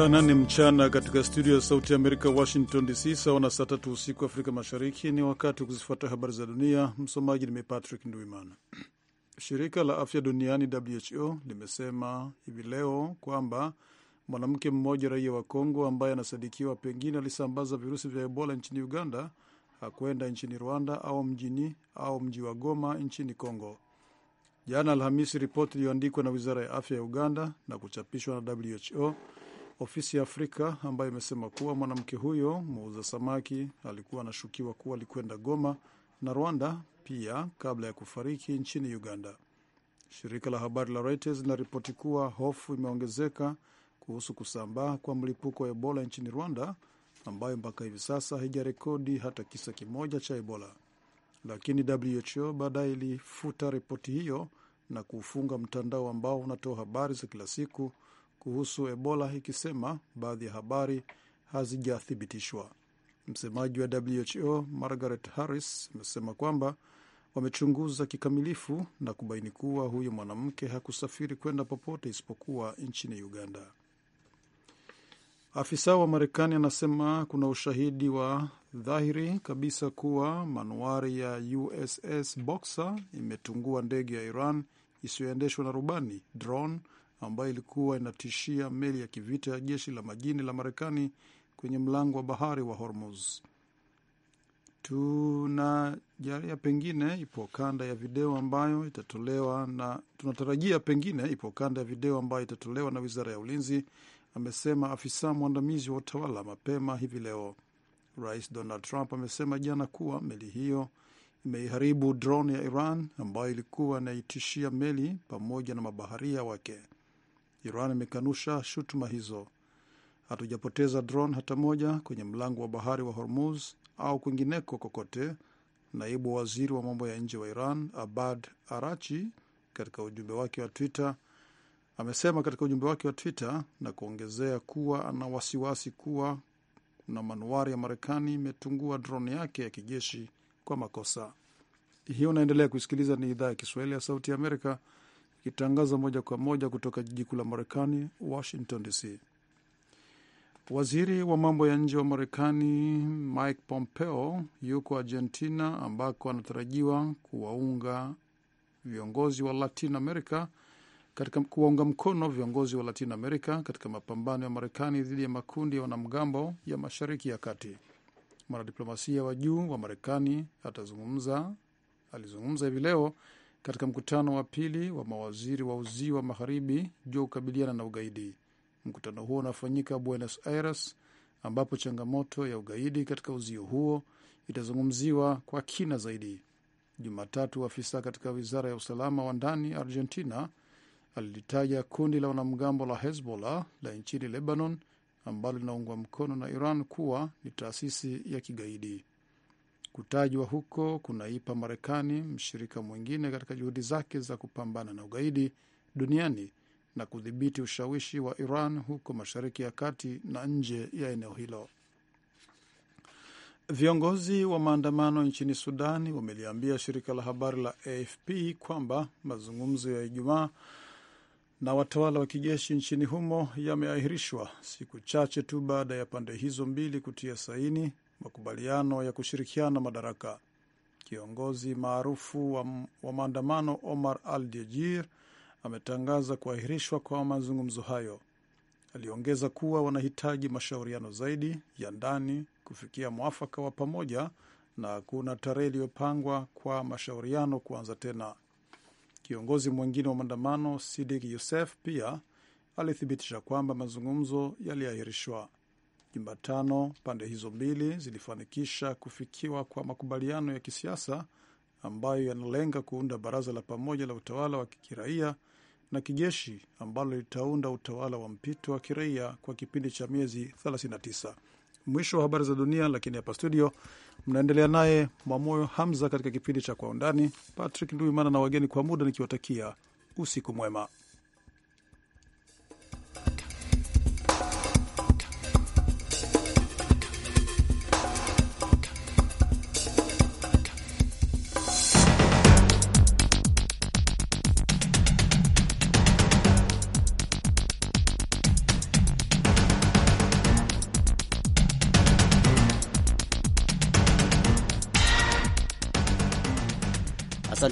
Saa nane mchana katika studio ya Sauti ya Amerika, Washington DC, sawa na saa tatu usiku Afrika Mashariki. Ni wakati wa kuzifuata habari za dunia. Msomaji ni mimi Patrick Ndwimana. Shirika la Afya Duniani, WHO, limesema hivi leo kwamba mwanamke mmoja raia wa Kongo ambaye anasadikiwa pengine alisambaza virusi vya Ebola nchini Uganda hakwenda nchini Rwanda au mjini au mji wa Goma nchini Kongo. Jana Alhamisi, ripoti iliyoandikwa na wizara ya afya ya Uganda na kuchapishwa na WHO Ofisi ya Afrika ambayo imesema kuwa mwanamke huyo muuza samaki alikuwa anashukiwa kuwa alikwenda Goma na Rwanda pia kabla ya kufariki nchini Uganda. Shirika la habari la Reuters linaripoti kuwa hofu imeongezeka kuhusu kusambaa kwa mlipuko wa Ebola nchini Rwanda, ambayo mpaka hivi sasa haijarekodi hata kisa kimoja cha Ebola. Lakini WHO baadaye ilifuta ripoti hiyo na kuufunga mtandao ambao unatoa habari za kila siku kuhusu Ebola ikisema baadhi ya habari hazijathibitishwa. Msemaji wa WHO Margaret Harris amesema kwamba wamechunguza kikamilifu na kubaini kuwa huyo mwanamke hakusafiri kwenda popote isipokuwa nchini Uganda. Afisa wa Marekani anasema kuna ushahidi wa dhahiri kabisa kuwa manuari ya USS Boxer imetungua ndege ya Iran isiyoendeshwa na rubani drone ambayo ilikuwa inatishia meli ya kivita ya jeshi la majini la Marekani kwenye mlango wa bahari wa Hormuz. Tunajaria pengine ipo kanda ya video ambayo itatolewa na tunatarajia pengine ipo kanda ya video ambayo itatolewa na wizara ya ulinzi, amesema afisa mwandamizi wa utawala mapema hivi leo. Rais Donald Trump amesema jana kuwa meli hiyo imeiharibu drone ya Iran ambayo ilikuwa inaitishia meli pamoja na mabaharia wake. Iran imekanusha shutuma hizo. Hatujapoteza drone hata moja kwenye mlango wa bahari wa Hormuz au kwingineko kokote, naibu waziri wa mambo ya nje wa Iran Abad Arachi katika ujumbe wake wa Twitter amesema katika ujumbe wake wa Twitter na kuongezea kuwa ana wasiwasi kuwa na manuari ya Marekani imetungua drone yake ya kijeshi kwa makosa. Hiyo unaendelea kusikiliza, ni idhaa ya Kiswahili ya Sauti ya Amerika ikitangaza moja kwa moja kutoka jiji kuu la Marekani, Washington DC. Waziri wa mambo ya nje wa Marekani Mike Pompeo yuko Argentina, ambako anatarajiwa kuwaunga viongozi wa Latin America katika kuwaunga mkono viongozi wa Latin America katika mapambano ya Marekani dhidi ya makundi ya wanamgambo ya Mashariki ya Kati. Mwanadiplomasia wa juu wa Marekani atazungumza alizungumza hivi leo katika mkutano wa pili wa mawaziri wa uzii wa magharibi juu ya kukabiliana na ugaidi. Mkutano huo unafanyika Buenos Aires, ambapo changamoto ya ugaidi katika uzio huo itazungumziwa kwa kina zaidi. Jumatatu, afisa katika wizara ya usalama wa ndani Argentina alilitaja kundi la wanamgambo la Hezbollah la nchini Lebanon ambalo linaungwa mkono na Iran kuwa ni taasisi ya kigaidi. Kutajwa huko kunaipa Marekani mshirika mwingine katika juhudi zake za kupambana na ugaidi duniani na kudhibiti ushawishi wa Iran huko Mashariki ya Kati na nje ya eneo hilo. Viongozi wa maandamano nchini Sudani wameliambia shirika la habari la AFP kwamba mazungumzo ya Ijumaa na watawala wa kijeshi nchini humo yameahirishwa siku chache tu baada ya pande hizo mbili kutia saini makubaliano ya kushirikiana madaraka. Kiongozi maarufu wa, wa maandamano Omar al dejir ametangaza kuahirishwa kwa mazungumzo hayo. Aliongeza kuwa wanahitaji mashauriano zaidi ya ndani kufikia mwafaka wa pamoja na kuna tarehe iliyopangwa kwa mashauriano kuanza tena. Kiongozi mwingine wa maandamano Sidik Yusef pia alithibitisha kwamba mazungumzo yaliahirishwa. Jumatano pande hizo mbili zilifanikisha kufikiwa kwa makubaliano ya kisiasa ambayo yanalenga kuunda baraza la pamoja la utawala wa kiraia na kijeshi ambalo litaunda utawala wa mpito wa kiraia kwa kipindi cha miezi 39. Mwisho wa habari za dunia, lakini hapa studio mnaendelea naye Mwamoyo Hamza katika kipindi cha Kwa Undani. Patrick Nduimana na wageni kwa muda nikiwatakia usiku mwema.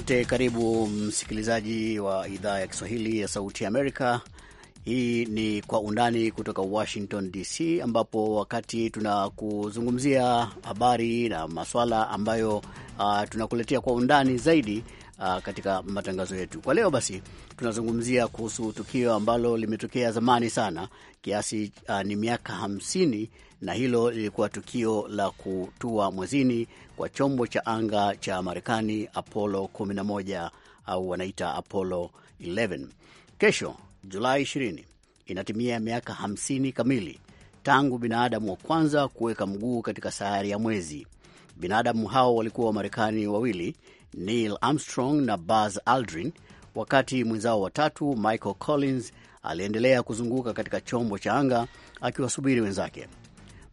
Asante, karibu msikilizaji wa idhaa ya Kiswahili ya Sauti ya Amerika. Hii ni Kwa Undani kutoka Washington DC, ambapo wakati tunakuzungumzia habari na maswala ambayo uh, tunakuletea kwa undani zaidi uh, katika matangazo yetu kwa leo. Basi tunazungumzia kuhusu tukio ambalo limetokea zamani sana kiasi uh, ni miaka hamsini na hilo lilikuwa tukio la kutua mwezini kwa chombo cha anga cha Marekani Apollo 11 au wanaita Apollo 11. Kesho Julai 20 inatimia miaka 50 kamili tangu binadamu wa kwanza kuweka mguu katika sayari ya mwezi. Binadamu hao walikuwa Wamarekani wawili, Neil Armstrong na Buzz Aldrin, wakati mwenzao watatu Michael Collins aliendelea kuzunguka katika chombo cha anga akiwasubiri wenzake.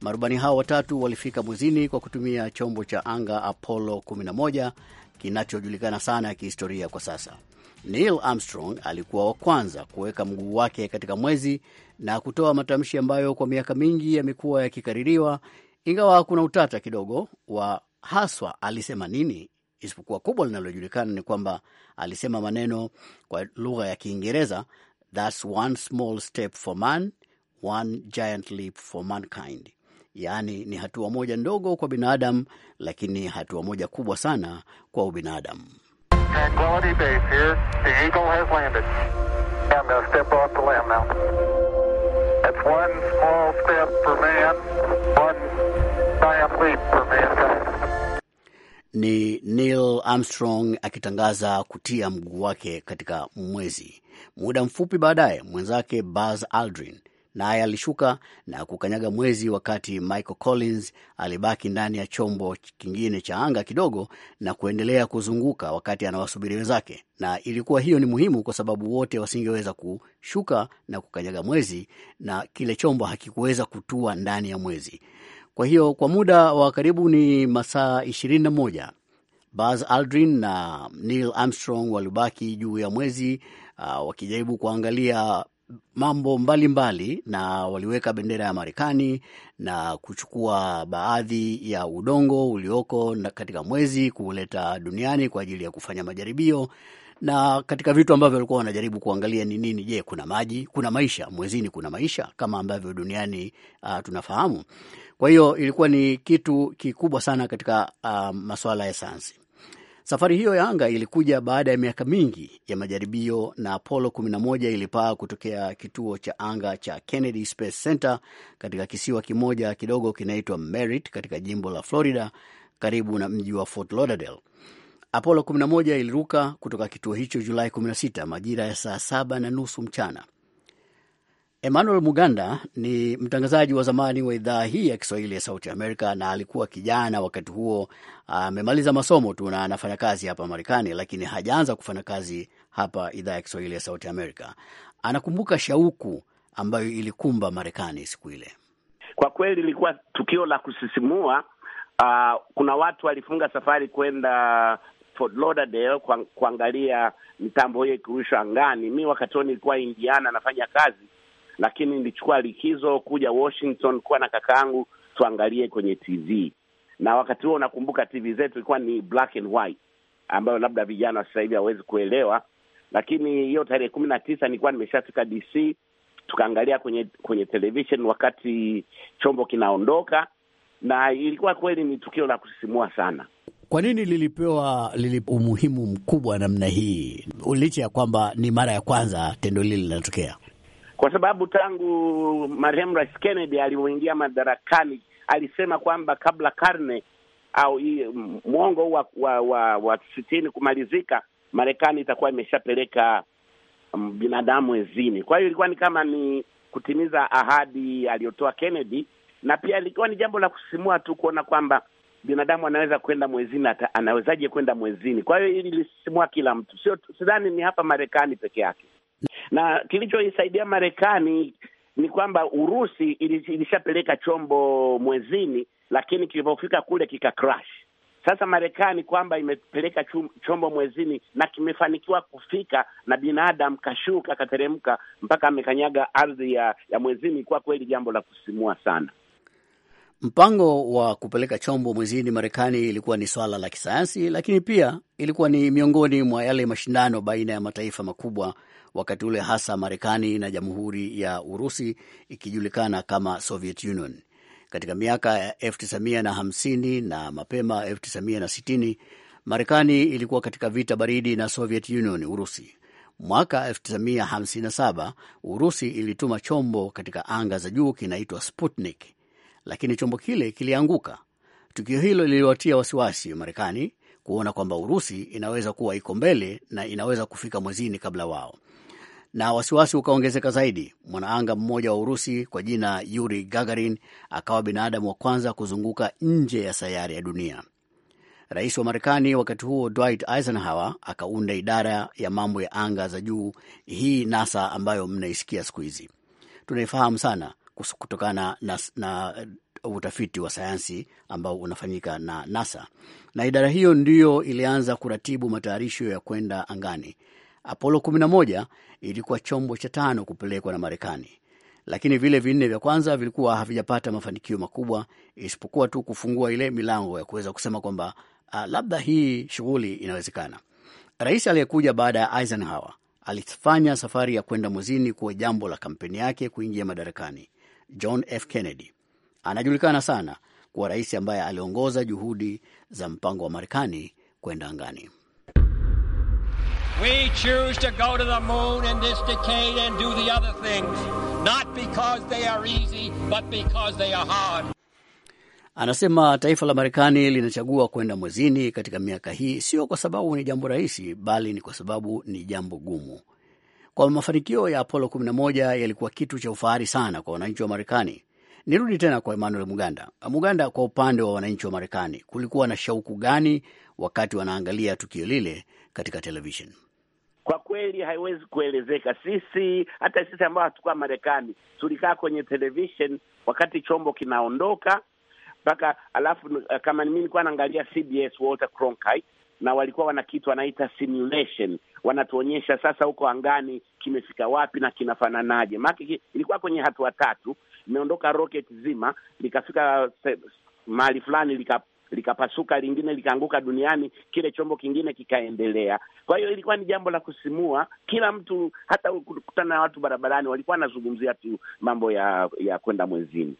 Marubani hao watatu walifika mwezini kwa kutumia chombo cha anga Apollo 11 kinachojulikana sana ya kihistoria kwa sasa. Neil Armstrong alikuwa wa kwanza kuweka mguu wake katika mwezi na kutoa matamshi ambayo kwa miaka mingi yamekuwa yakikaririwa, ingawa kuna utata kidogo wa haswa alisema nini, isipokuwa kubwa linalojulikana ni kwamba alisema maneno kwa lugha ya Kiingereza, that's one small step for man, one giant leap for mankind. Yaani ni hatua moja ndogo kwa binadamu, lakini hatua moja kubwa sana kwa ubinadamu. Ni Neil Armstrong akitangaza kutia mguu wake katika mwezi. Muda mfupi baadaye, mwenzake Buzz Aldrin naye alishuka na kukanyaga mwezi, wakati Michael Collins alibaki ndani ya chombo kingine cha anga kidogo na kuendelea kuzunguka wakati anawasubiri wenzake. Na ilikuwa hiyo ni muhimu kwa sababu wote wasingeweza kushuka na kukanyaga mwezi, na kile chombo hakikuweza kutua ndani ya mwezi. Kwa hiyo kwa muda wa karibu ni masaa ishirini na moja Buzz Aldrin na Neil Armstrong walibaki juu ya mwezi uh, wakijaribu kuangalia mambo mbalimbali mbali, na waliweka bendera ya Marekani na kuchukua baadhi ya udongo ulioko katika mwezi kuuleta duniani kwa ajili ya kufanya majaribio na katika vitu ambavyo walikuwa wanajaribu kuangalia ni nini. Je, kuna maji, kuna maisha mwezini, kuna maisha kama ambavyo duniani uh, tunafahamu. Kwa hiyo ilikuwa ni kitu kikubwa sana katika uh, masuala ya sayansi. Safari hiyo ya anga ilikuja baada ya miaka mingi ya majaribio, na Apollo 11 ilipaa kutokea kituo cha anga cha Kennedy Space Center katika kisiwa kimoja kidogo kinaitwa Merritt katika jimbo la Florida karibu na mji wa Fort Lauderdale. Apollo 11 iliruka kutoka kituo hicho Julai 16 majira ya saa saba na nusu mchana Emmanuel Muganda ni mtangazaji wa zamani wa idhaa hii ya Kiswahili ya Sauti Amerika, na alikuwa kijana wakati huo. Amemaliza masomo tu na anafanya kazi hapa Marekani, lakini hajaanza kufanya kazi hapa idhaa ya Kiswahili ya Sauti Amerika. Anakumbuka shauku ambayo ilikumba Marekani siku ile. Kwa kweli ilikuwa tukio la kusisimua. Uh, kuna watu walifunga safari kwenda Fort Lauderdale kuangalia mitambo hiyo ikirushwa angani. Mi wakati huo nilikuwa Indiana nafanya kazi lakini nilichukua likizo kuja Washington kuwa na kaka yangu tuangalie kwenye TV, na wakati huo unakumbuka TV zetu ilikuwa ni black and white, ambayo labda vijana sasa hivi hawezi kuelewa, lakini hiyo tarehe kumi na tisa nilikuwa nimeshafika DC, tukaangalia kwenye kwenye television wakati chombo kinaondoka, na ilikuwa kweli ni tukio la kusisimua sana. Kwa nini lilipewa lili umuhimu mkubwa namna hii licha ya kwamba ni mara ya kwanza tendo lile linatokea? kwa sababu tangu marehemu Rais Kennedy alivyoingia madarakani alisema kwamba kabla karne au mwongo wa wa, wa, wa sitini kumalizika, Marekani itakuwa imeshapeleka um, binadamu mwezini. Kwa hiyo ilikuwa ni kama ni kutimiza ahadi aliyotoa Kennedy, na pia ilikuwa ni jambo la kusisimua tu kuona kwamba binadamu anaweza kwenda mwezini. Anawezaje kwenda mwezini? Kwa hiyo hili lisisimua kila mtu, sio sidhani ni hapa Marekani peke yake na kilichoisaidia Marekani ni kwamba Urusi ilishapeleka chombo mwezini, lakini kilipofika kule kika crash. Sasa Marekani kwamba imepeleka chombo mwezini na kimefanikiwa kufika na binadamu kashuka kateremka mpaka amekanyaga ardhi ya, ya mwezini, kwa kweli jambo la kusimua sana. Mpango wa kupeleka chombo mwezini Marekani ilikuwa ni swala la kisayansi, lakini pia ilikuwa ni miongoni mwa yale mashindano baina ya mataifa makubwa wakati ule hasa Marekani na Jamhuri ya Urusi ikijulikana kama Soviet Union. Katika miaka ya 1950 na mapema 1960 Marekani ilikuwa katika vita baridi na Soviet Union, Urusi. Mwaka 1957 Urusi ilituma chombo katika anga za juu kinaitwa Sputnik, lakini chombo kile kilianguka. Tukio hilo liliwatia wasiwasi Marekani kuona kwamba Urusi inaweza kuwa iko mbele na inaweza kufika mwezini kabla wao na wasiwasi ukaongezeka zaidi. Mwanaanga mmoja wa Urusi kwa jina Yuri Gagarin akawa binadamu wa kwanza kuzunguka nje ya sayari ya dunia. Rais wa Marekani wakati huo Dwight Eisenhower akaunda idara ya mambo ya anga za juu, hii NASA ambayo mnaisikia siku hizi, tunaifahamu sana kutokana na, na utafiti wa sayansi ambao unafanyika na NASA, na idara hiyo ndiyo ilianza kuratibu matayarisho ya kwenda angani Apollo 11 ilikuwa chombo cha tano kupelekwa na Marekani, lakini vile vinne vya kwanza vilikuwa havijapata mafanikio makubwa, isipokuwa tu kufungua ile milango ya kuweza kusema kwamba uh, labda hii shughuli inawezekana. Rais aliyekuja baada ya Eisenhower alifanya safari ya kwenda mwezini kuwa jambo la kampeni yake kuingia madarakani. John F. Kennedy anajulikana sana kuwa rais ambaye aliongoza juhudi za mpango wa Marekani kwenda angani. We choose to go to the moon in this decade and do the other things, not because they are easy, but because they are hard. Anasema taifa la Marekani linachagua kwenda mwezini katika miaka hii, sio kwa sababu ni jambo rahisi, bali ni kwa sababu ni jambo gumu. Kwa mafanikio ya Apollo 11 yalikuwa kitu cha ufahari sana kwa wananchi wa Marekani. Nirudi tena kwa Emmanuel Muganda. Muganda, kwa upande wa wananchi wa Marekani, kulikuwa na shauku gani wakati wanaangalia tukio lile katika television? kwa kweli haiwezi kuelezeka. Sisi hata sisi ambao hatukuwa Marekani tulikaa kwenye television wakati chombo kinaondoka mpaka alafu, eh, kama mimi nilikuwa naangalia CBS Walter Cronkite, na walikuwa wana kitu wanaita simulation, wanatuonyesha sasa huko angani kimefika wapi na kinafananaje. Maake ilikuwa kwenye hatua tatu, imeondoka rocket zima likafika mahali fulani lika likapasuka, lingine likaanguka duniani, kile chombo kingine kikaendelea. Kwa hiyo ilikuwa ni jambo la kusimua. Kila mtu, hata kukutana na watu barabarani, walikuwa wanazungumzia tu mambo ya ya kwenda mwezini.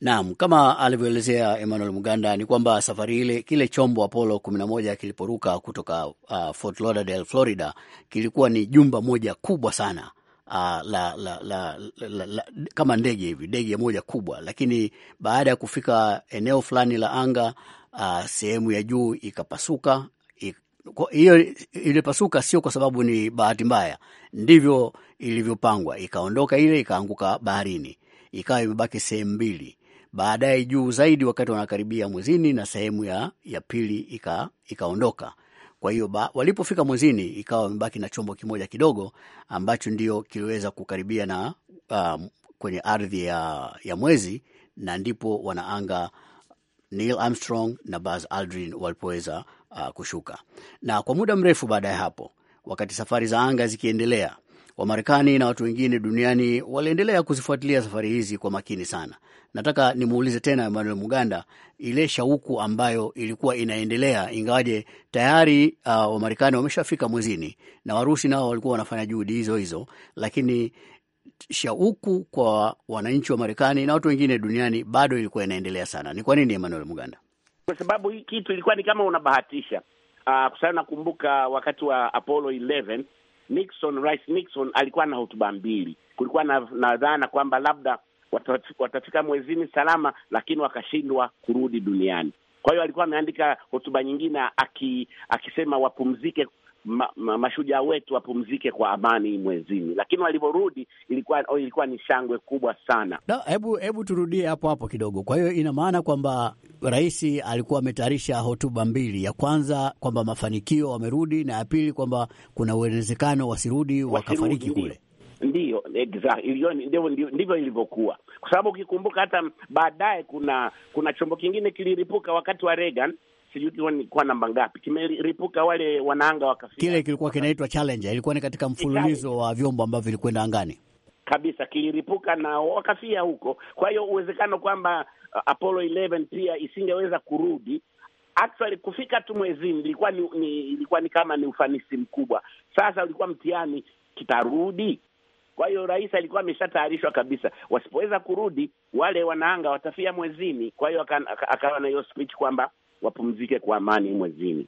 Naam, kama alivyoelezea Emmanuel Muganda ni kwamba safari ile kile chombo Apollo kumi na moja kiliporuka kutoka uh, Fort Lauderdale, Florida kilikuwa ni jumba moja kubwa sana la, la, la, la, la kama ndege hivi, ndege moja kubwa, lakini baada ya kufika eneo fulani la anga uh, sehemu ya juu ikapasuka. Hiyo ilipasuka sio kwa sababu ni bahati mbaya, ndivyo ilivyopangwa. Ikaondoka ile ikaanguka baharini, ikawa imebaki sehemu mbili baadaye juu zaidi wakati wanakaribia mwezini na sehemu ya, ya pili ikaondoka ika kwa hiyo walipofika mwezini, ikawa wamebaki na chombo kimoja kidogo ambacho ndio kiliweza kukaribia na um, kwenye ardhi ya, ya mwezi na ndipo wanaanga Neil Armstrong na Buzz Aldrin walipoweza uh, kushuka. Na kwa muda mrefu baada ya hapo, wakati safari za anga zikiendelea, wa Marekani na watu wengine duniani waliendelea kuzifuatilia safari hizi kwa makini sana. Nataka nimuulize tena Emmanuel Muganda ile shauku ambayo ilikuwa inaendelea, ingawaje tayari uh, Wamarekani wameshafika mwezini na Warusi nao walikuwa wanafanya juhudi hizo hizo, lakini shauku kwa wananchi wa Marekani na watu wengine duniani bado ilikuwa inaendelea sana. Ni kwa nini, Emmanuel Muganda? Kwa sababu hii kitu ilikuwa ni kama unabahatisha. Uh, kwa sababu nakumbuka wakati wa Apollo Nixon, Rais Nixon alikuwa na hotuba mbili. Kulikuwa na, na dhana kwamba labda watafika, mwezini salama, lakini wakashindwa kurudi duniani. Kwa hiyo alikuwa ameandika hotuba nyingine aki, akisema wapumzike ma, ma, mashujaa wetu wapumzike kwa amani mwezini, lakini walivyorudi ilikuwa oh, ilikuwa ni shangwe kubwa sana. Hebu hebu turudie hapo hapo kidogo. Kwa hiyo ina maana kwamba rais alikuwa ametayarisha hotuba mbili, ya kwanza kwamba mafanikio wamerudi, na ya pili kwamba kuna uwezekano wasirudi wakafariki kule. Ndiyo, exactly. Ndivyo ilivyokuwa, kwa sababu ukikumbuka hata baadaye kuna kuna chombo kingine kiliripuka wakati wa Reagan sijui ilikuwa namba ngapi, kimeripuka wale wanaanga wakafika. Kile kilikuwa kinaitwa Challenger, ilikuwa ni katika mfululizo wa vyombo ambavyo vilikwenda angani kabisa, kiliripuka na wakafia huko. Kwa hiyo uwezekano kwamba uh, Apollo 11 pia isingeweza kurudi actually kufika tu mwezini ilikuwa ni, ni ilikuwa ni kama ni ufanisi mkubwa. Sasa ulikuwa mtihani, kitarudi. Kwa hiyo rais alikuwa ameshatayarishwa kabisa, wasipoweza kurudi wale wanaanga watafia mwezini. Kwa hiyo akawa na hiyo speech kwamba wapumzike kwa amani mwezini.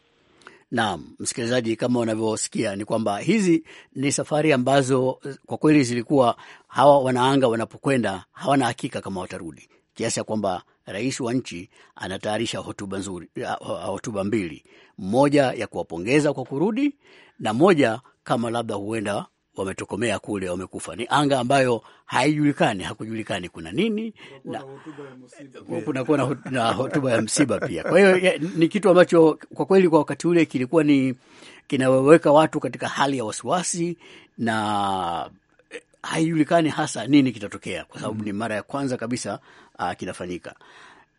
Naam, msikilizaji, kama unavyosikia ni kwamba hizi ni safari ambazo kwa kweli zilikuwa hawa wanaanga wanapokwenda hawana hakika kama watarudi, kiasi ya kwamba rais wa nchi anatayarisha hotuba nzuri, uh, hotuba mbili, moja ya kuwapongeza kwa kurudi na moja kama labda huenda wametokomea kule, wamekufa. Ni anga ambayo haijulikani, hakujulikani kuna nini, kunakuwa na hotuba ya msiba pia. Kwa hiyo ni kitu ambacho kwa kweli kwa wakati ule kilikuwa ni kinawaweka watu katika hali ya wasiwasi na eh, haijulikani hasa nini kitatokea, kwa sababu mm, ni mara ya kwanza kabisa uh, kinafanyika.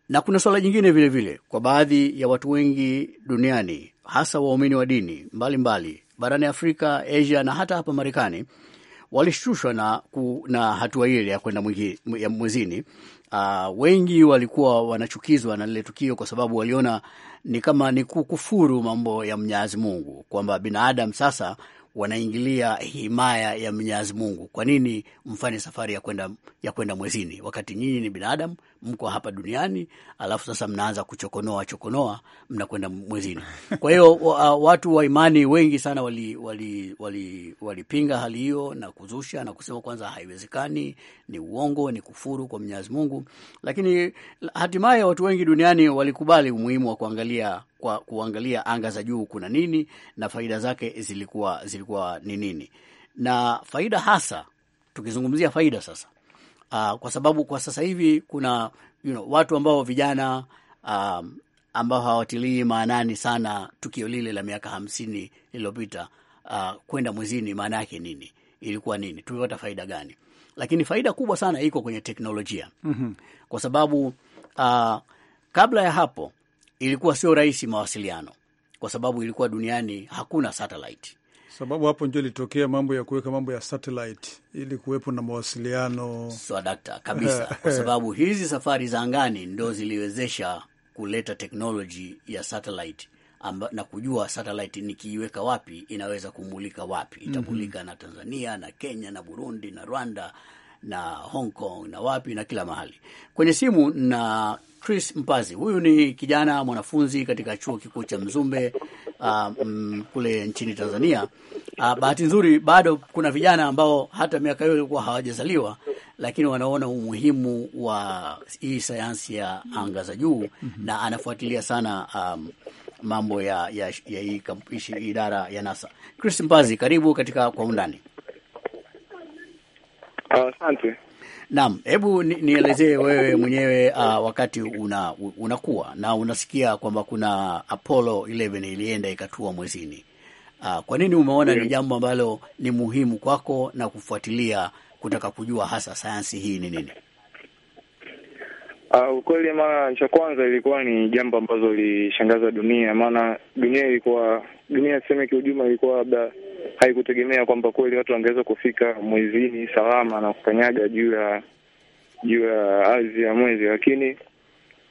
Na kuna swala jingine vilevile vile, kwa baadhi ya watu wengi duniani hasa waumini wa dini mbalimbali mbali, barani Afrika, Asia na hata hapa Marekani walishtushwa na, na hatua ile ya kwenda mwezini. Uh, wengi walikuwa wanachukizwa na lile tukio kwa sababu waliona ni kama ni kukufuru mambo ya Mwenyezi Mungu kwamba binadamu sasa wanaingilia himaya ya Mwenyezi Mungu. Kwa nini mfanye safari ya kwenda ya kwenda mwezini wakati nyinyi ni binadamu mko hapa duniani, alafu sasa mnaanza kuchokonoa chokonoa, mnakwenda mwezini? Kwa hiyo watu wa imani wengi sana walipinga wali, wali, wali hali hiyo na kuzusha na kusema kwanza haiwezekani, ni uongo, ni kufuru kwa Mwenyezi Mungu, lakini hatimaye watu wengi duniani walikubali umuhimu wa kuangalia kwa kuangalia anga za juu kuna nini na faida zake zilikuwa zilikuwa ni nini, na faida hasa, tukizungumzia faida sasa uh, kwa sababu kwa sasa hivi kuna you know, watu ambao vijana um, ambao hawatilii maanani sana tukio lile la miaka hamsini lililopita uh, kwenda mwezini, maana yake nini, ilikuwa nini, tulipata faida gani? Lakini faida kubwa sana iko kwenye teknolojia mm -hmm. kwa sababu uh, kabla ya hapo ilikuwa sio rahisi mawasiliano, kwa sababu ilikuwa duniani hakuna satellite. Sababu hapo ndio ilitokea mambo ya kuweka mambo ya satellite ili kuwepo na mawasiliano swadakta kabisa, kwa sababu hizi safari za angani ndo ziliwezesha kuleta teknoloji ya satellite amba, na kujua satellite nikiiweka wapi inaweza kumulika wapi, itamulika mm -hmm. na Tanzania na Kenya na Burundi na Rwanda na Hong Kong na wapi na kila mahali. Kwenye simu na Chris Mpazi, huyu ni kijana mwanafunzi katika chuo kikuu cha Mzumbe um, kule nchini Tanzania. Uh, bahati nzuri bado kuna vijana ambao hata miaka hiyo ilikuwa hawajazaliwa, lakini wanaona umuhimu wa hii sayansi ya anga za juu mm -hmm. na anafuatilia sana um, mambo ya, ya, ya hii idara ya NASA. Chris Mpazi, karibu katika kwa undani. Ah, asante. Uh, naam, hebu nielezee wewe mwenyewe uh, wakati una unakuwa na unasikia kwamba kuna Apollo 11 ilienda ikatua mwezini uh, kwa nini umeona yeah, ni jambo ambalo ni muhimu kwako na kufuatilia kutaka kujua hasa sayansi hii ni nini? Uh, ukweli maana cha kwanza ilikuwa ni jambo ambazo lilishangaza dunia, maana dunia ilikuwa dunia tuseme kiujuma ilikuwa labda haikutegemea kwamba kweli watu wangeweza kufika mwezini salama na kukanyaga juu ya juu ya ardhi ya mwezi, lakini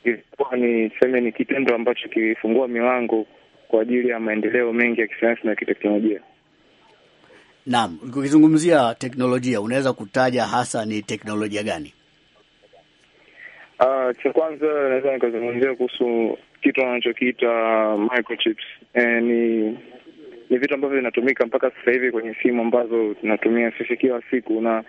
ilikuwa ni seme ni kitendo ambacho kilifungua milango kwa ajili ya maendeleo mengi ya kisayansi na kiteknolojia. Naam, ukizungumzia teknolojia unaweza kutaja hasa ni teknolojia gani? Uh, ah, cha kwanza naweza nikazungumzia kuhusu kitu anachokiita microchips. E, ni ni vitu ambavyo vinatumika mpaka sasa hivi kwenye simu ambazo tunatumia sisi kila siku, na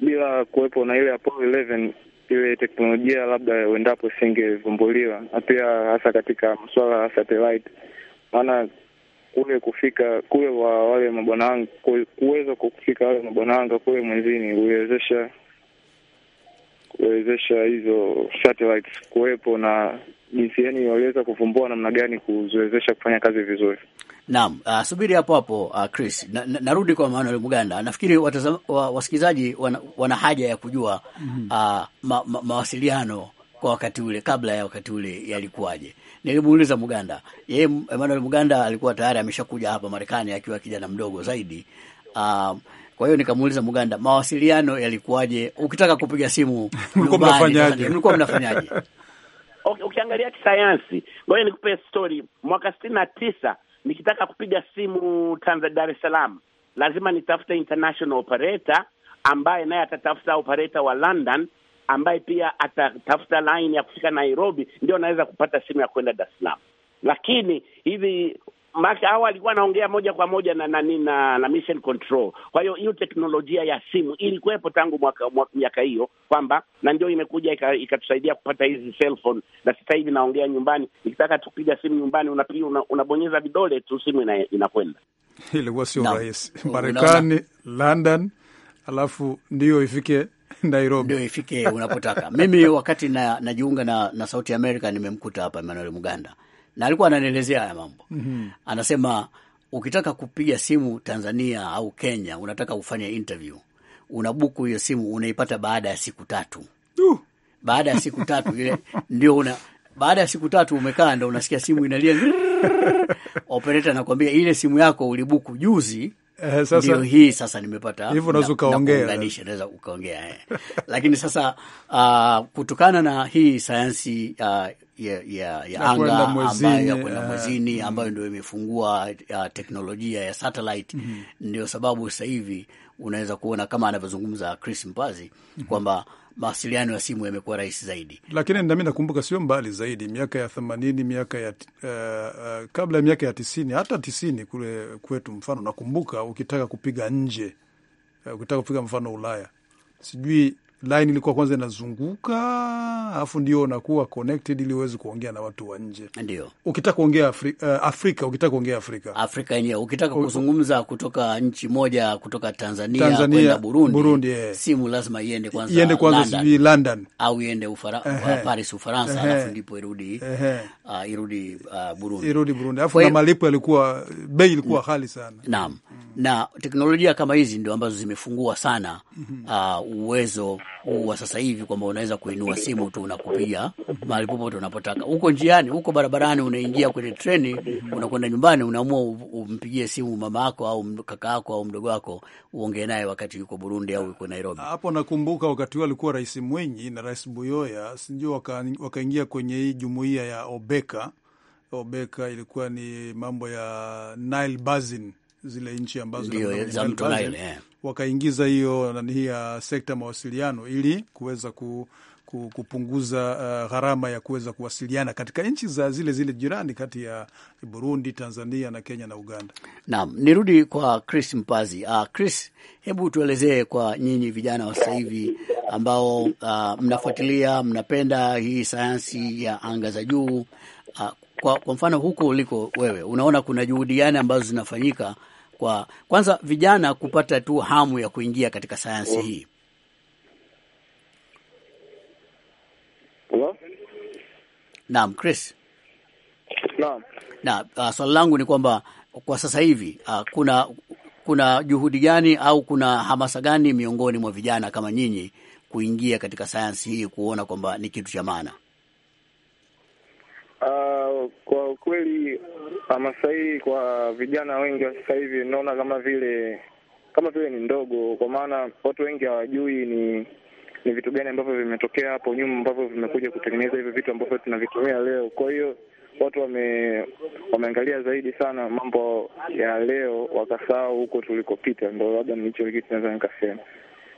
bila kuwepo na ile Apollo 11 ile teknolojia labda uendapo isingevumbuliwa, na pia hasa katika masuala ya satellite, maana kule kufika kule wa wale mabwana wangu kuweza kufika wale mabwana wangu kule mwenzini uliwezesha kuwezesha hizo satellites kuwepo na jinsi yani waliweza kuvumbua namna gani kuziwezesha kufanya kazi vizuri. Naam, uh, subiri hapo hapo uh, Chris na, na, narudi kwa Manuel Muganda. Nafikiri wa, wasikilizaji wana, wana haja ya kujua mm -hmm. uh, ma, ma, mawasiliano kwa wakati ule kabla ya wakati ule yalikuwaje. Nilimuuliza Muganda, yeye Emmanuel Muganda alikuwa tayari ameshakuja hapa Marekani akiwa kijana mdogo zaidi uh, kwa hiyo nikamuuliza Mganda, mawasiliano yalikuwaje? Ukitaka kupiga simu mlikuwa mnafanyaje? Ukiangalia kisayansi, ngoja nikupe stori. Mwaka sitini na tisa nikitaka kupiga simu Tanzania, Dar es Salaam, lazima nitafute international operator ambaye naye atatafuta operator wa London ambaye pia atatafuta line ya kufika Nairobi, ndio anaweza kupata simu ya kwenda Dar es Salaam. Lakini hivi maana hawa alikuwa anaongea moja kwa moja na nani na, na mission control. Kwa hiyo hiyo teknolojia ya simu ilikuwepo tangu mwaka miaka hiyo kwamba na ndio imekuja ikatusaidia ika kupata hizi cell phone, na sasa hivi naongea nyumbani, nikitaka tupiga simu nyumbani unapiga una, unabonyeza vidole tu simu ina, inakwenda. Ilikuwa sio rahisi no. Marekani London alafu ndio ifike Nairobi ndio ifike unapotaka. Mimi wakati na najiunga na, na Sauti Amerika nimemkuta hapa Emmanuel Muganda na alikuwa ananielezea haya mambo mm -hmm. Anasema ukitaka kupiga simu Tanzania au Kenya, unataka ufanye interview, unabuku hiyo simu, unaipata baada ya siku tatu uh. Baada ya siku tatu ile ndio una baada ya siku tatu umekaa, ndo unasikia simu inalia opereta anakuambia ile simu yako ulibuku juzi Eh, sasa ndio hii sasa nimepata hivyo, unaweza ukaongea, unaweza ukaongea eh. Lakini sasa uh, kutokana na hii sayansi uh, ya yeah, yeah, anga ambayo kwenda eh, mwezini mm-hmm. ambayo ndio imefungua uh, teknolojia ya satellite mm -hmm. Ndio sababu sasa hivi unaweza kuona kama anavyozungumza Chris Mpazi mm -hmm. kwamba mawasiliano ya simu yamekuwa rahisi zaidi, lakini nami nakumbuka sio mbali zaidi miaka ya themanini miaka ya uh, uh, kabla ya miaka ya tisini hata tisini kule kwetu, mfano nakumbuka ukitaka kupiga nje ukitaka kupiga mfano Ulaya sijui line ilikuwa kwanza inazunguka, alafu ndio unakuwa connected ili uweze kuongea na watu wa nje. Ndio ukitaka kuongea Afri, uh, Afrika, ukitaka kuongea Afrika, Afrika yenyewe, ukitaka kuzungumza kutoka nchi moja kutoka Tanzania, Tanzania kwenda Burundi, Burundi yeah. Simu lazima iende kwanza, iende kwanza London, London au iende Ufara, uh, -huh. Paris Ufaransa, uh -huh. alafu ndipo irudi uh, irudi uh, Burundi, irudi Burundi, alafu na malipo yalikuwa bei ilikuwa mm. ghali sana. Naam, mm. na teknolojia kama hizi ndio ambazo zimefungua sana uh, uwezo huu wa sasa hivi kwamba unaweza kuinua simu tu unakupiga mahali popote unapotaka, huko njiani, huko barabarani, unaingia kwenye treni, unakwenda nyumbani, unaamua umpigie simu mama yako au kaka yako au mdogo wako uongee naye wakati yuko Burundi au yuko Nairobi. Hapo nakumbuka wakati huo alikuwa Rais Mwinyi na Rais Buyoya, sijui wakaingia waka kwenye hii jumuiya ya Obeka. Obeka ilikuwa ni mambo ya Nile Basin, zile nchi ambazo za mto Nile wakaingiza hiyo nani ya sekta mawasiliano ili kuweza ku kupunguza uh, gharama ya kuweza kuwasiliana katika nchi za zile zile jirani kati ya Burundi, Tanzania na Kenya na Uganda. Naam, nirudi kwa Chris Mpazi. Uh, Chris, hebu tuelezee kwa nyinyi vijana wa sasa hivi ambao uh, mnafuatilia mnapenda hii sayansi ya anga za juu uh, kwa, kwa mfano huko uliko wewe unaona kuna juhudi gani ambazo zinafanyika kwa kwanza vijana kupata tu hamu ya kuingia katika sayansi hii? Naam, Chris. Naam. Na uh, swali langu ni kwamba kwa sasa hivi uh, kuna kuna juhudi gani au kuna hamasa gani miongoni mwa vijana kama nyinyi kuingia katika sayansi hii kuona kwamba ni kitu cha maana? Uh, kwa kweli ama sasa kwa vijana wengi wa sasa hivi naona kama vile kama vile ni ndogo, kwa maana watu wengi hawajui ni ni vitu gani ambavyo vimetokea hapo nyuma ambavyo vimekuja kutengeneza hivi vitu ambavyo tunavitumia leo. Kwa hiyo watu wame- wameangalia zaidi sana mambo ya leo, wakasahau huko tulikopita. Ndo labda nicho kitu naweza nikasema,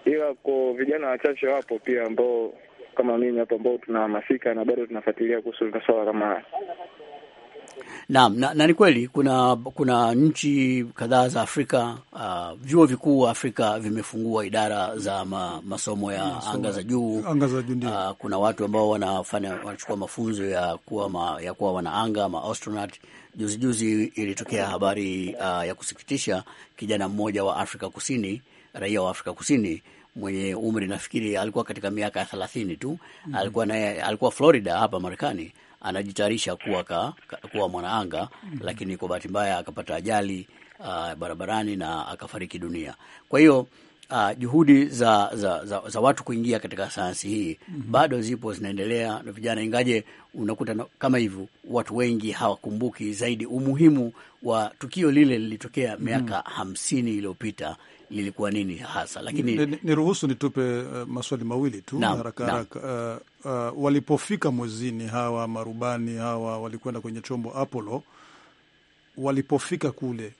ila kwa vijana wachache wapo pia ambao kama mimi hapo ambao tunahamasika na bado tunafuatilia kuhusu masuala kama haya. Naam, na, na ni kweli kuna, kuna nchi kadhaa za Afrika uh, vyuo vikuu Afrika vimefungua idara za ma, masomo ya masomo, anga za juu, anga za juu uh, kuna watu ambao wanafanya wanachukua mafunzo ya kuwa, ma, ya kuwa wanaanga ma astronaut. Juzi juzi ilitokea habari uh, ya kusikitisha, kijana mmoja wa Afrika Kusini, raia wa Afrika Kusini mwenye umri nafikiri alikuwa katika miaka ya thelathini tu, mhm. alikuwa naye alikuwa Florida hapa Marekani anajitayarisha kuwa, ka, kuwa mwanaanga mm -hmm. Lakini kwa bahati mbaya akapata ajali uh, barabarani na akafariki dunia. Kwa hiyo uh, juhudi za, za, za, za watu kuingia katika sayansi hii mm -hmm. bado zipo zinaendelea na vijana, ingaje unakuta kama hivyo watu wengi hawakumbuki zaidi umuhimu wa tukio lile lilitokea miaka mm -hmm. hamsini iliyopita lilikuwa nini hasa, lakini niruhusu nitupe uh, maswali mawili tu haraka haraka. Uh, uh, walipofika mwezini hawa marubani hawa walikwenda kwenye chombo Apollo, walipofika kule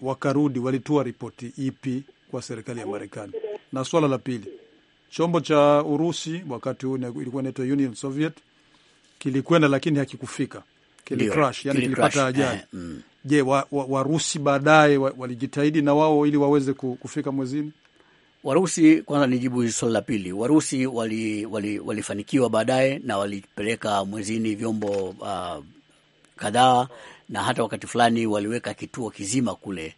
wakarudi, walitoa ripoti ipi kwa serikali ya Marekani? Na swala la pili, chombo cha Urusi wakati huu ilikuwa inaitwa Union Soviet kilikwenda, lakini hakikufika, kilicrash, yani kilipata ajali. Eh, mm. Je, Warusi wa, wa baadaye walijitahidi wa na wao ili waweze kufika mwezini? Warusi kwanza, nijibu swali la pili. Warusi walifanikiwa wali, wali baadaye na walipeleka mwezini vyombo uh, kadhaa na hata wakati fulani waliweka kituo kizima kule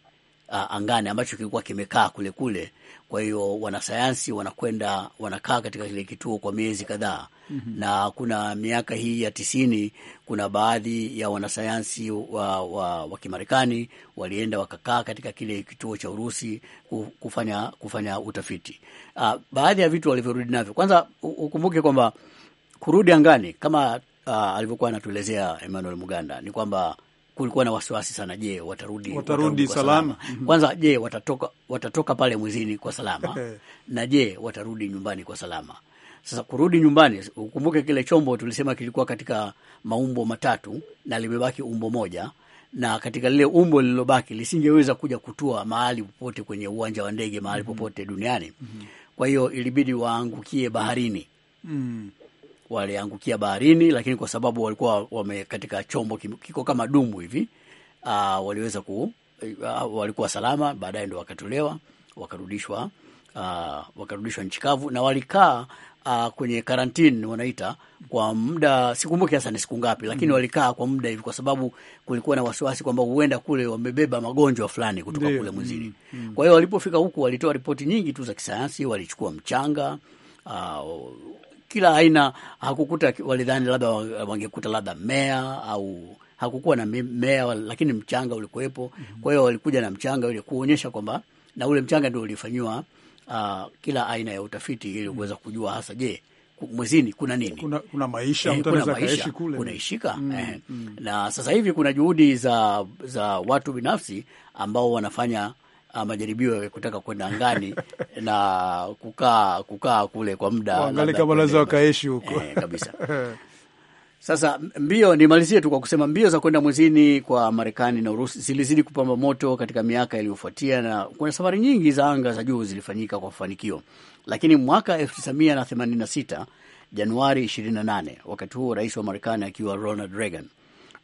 uh, angani ambacho kilikuwa kimekaa kule kule kwa hiyo wanasayansi wanakwenda wanakaa katika kile kituo kwa miezi kadhaa mm -hmm. na kuna miaka hii ya tisini, kuna baadhi ya wanasayansi wa, wa, wa Kimarekani walienda wakakaa katika kile kituo cha Urusi kufanya, kufanya utafiti uh, baadhi ya vitu walivyorudi navyo. Kwanza ukumbuke kwamba kurudi angani kama uh, alivyokuwa anatuelezea Emmanuel Muganda ni kwamba kulikuwa na wasiwasi sana. Je, watarudi watarudi salama? salama. Mm-hmm. Kwanza, je watatoka watatoka pale mwezini kwa salama na je watarudi nyumbani kwa salama? Sasa kurudi nyumbani, ukumbuke kile chombo tulisema kilikuwa katika maumbo matatu na limebaki umbo moja, na katika lile umbo lililobaki lisingeweza kuja kutua mahali popote kwenye uwanja wa ndege mahali mm-hmm. popote duniani. Mm-hmm. Kwa hiyo ilibidi waangukie baharini. Mm waliangukia baharini, lakini kwa sababu walikuwa wame katika chombo kiko kama dumu hivi uh, waliweza ku uh, walikuwa salama. Baadaye ndo wakatolewa wakarudishwa, uh, wakarudishwa nchi kavu na walikaa uh, kwenye karantini wanaita kwa muda, sikumbuki hasa ni siku ngapi, lakini mm. walikaa kwa muda hivi, kwa sababu kulikuwa na wasiwasi kwamba huenda kule wamebeba magonjwa fulani kutoka Deo, kule mwezini mm, mm. Kwa hiyo walipofika huku walitoa ripoti nyingi tu za kisayansi, walichukua mchanga uh, kila aina. Hakukuta, walidhani labda wangekuta labda mmea au hakukuwa na mmea, lakini mchanga ulikuwepo. Mhm. Kwa hiyo walikuja na mchanga ule kuonyesha kwamba, na ule mchanga ndio ulifanyiwa uh, kila aina ya utafiti ili mm. kuweza kujua hasa, je mwezini kuna nini? Kuna, kuna maisha, eh, kuna maisha kule kunaishika mm, eh, mm. Na sasa hivi kuna juhudi za za watu binafsi ambao wanafanya Ah, majaribio ya kutaka kwenda angani na kukaa kukaa kule kwa muda, waangalie kama wanaweza wakaishi eh, huko eh, kabisa Sasa mbio, nimalizie tu kwa kusema mbio za kwenda mwezini kwa Marekani na Urusi zilizidi kupamba moto katika miaka iliyofuatia, na kuna safari nyingi za anga za juu zilifanyika kwa mafanikio, lakini mwaka 1986 Januari 28, wakati huo rais wa Marekani akiwa Ronald Reagan,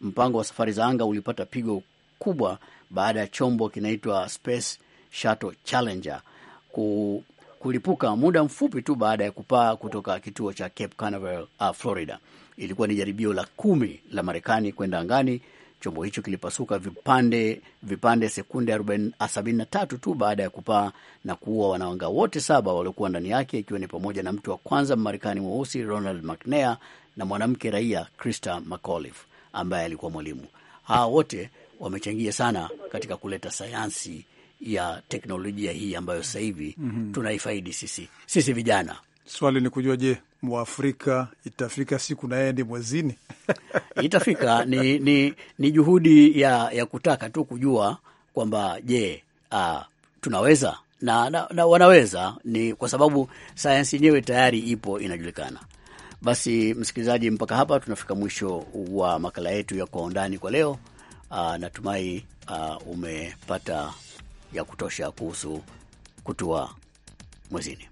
mpango wa safari za anga ulipata pigo kubwa baada ya chombo kinaitwa Space Shuttle Challenger ku, kulipuka muda mfupi tu baada ya kupaa kutoka kituo cha Cape Canaveral, uh, Florida. Ilikuwa ni jaribio la kumi la Marekani kwenda angani. Chombo hicho kilipasuka vipande vipande sekunde 73 ah, tu baada ya kupaa na kuua wanawanga wote saba waliokuwa ndani yake, ikiwa ni pamoja na mtu wa kwanza marekani mweusi Ronald McNair na mwanamke raia Krista McAuliffe ambaye alikuwa mwalimu. Hawa wote wamechangia sana katika kuleta sayansi ya teknolojia hii ambayo sasa hivi mm -hmm. tunaifaidi sisi sisi vijana. Swali ni kujua, je, Mwafrika itafika siku na yeye ndi mwezini? Itafika. Ni, ni, ni juhudi ya, ya kutaka tu kujua kwamba je, uh, tunaweza na, na, na wanaweza, ni kwa sababu sayansi yenyewe tayari ipo inajulikana. Basi msikilizaji, mpaka hapa tunafika mwisho wa makala yetu ya kwa undani kwa leo uh, natumai uh, umepata ya kutosha kuhusu kutua mwezini.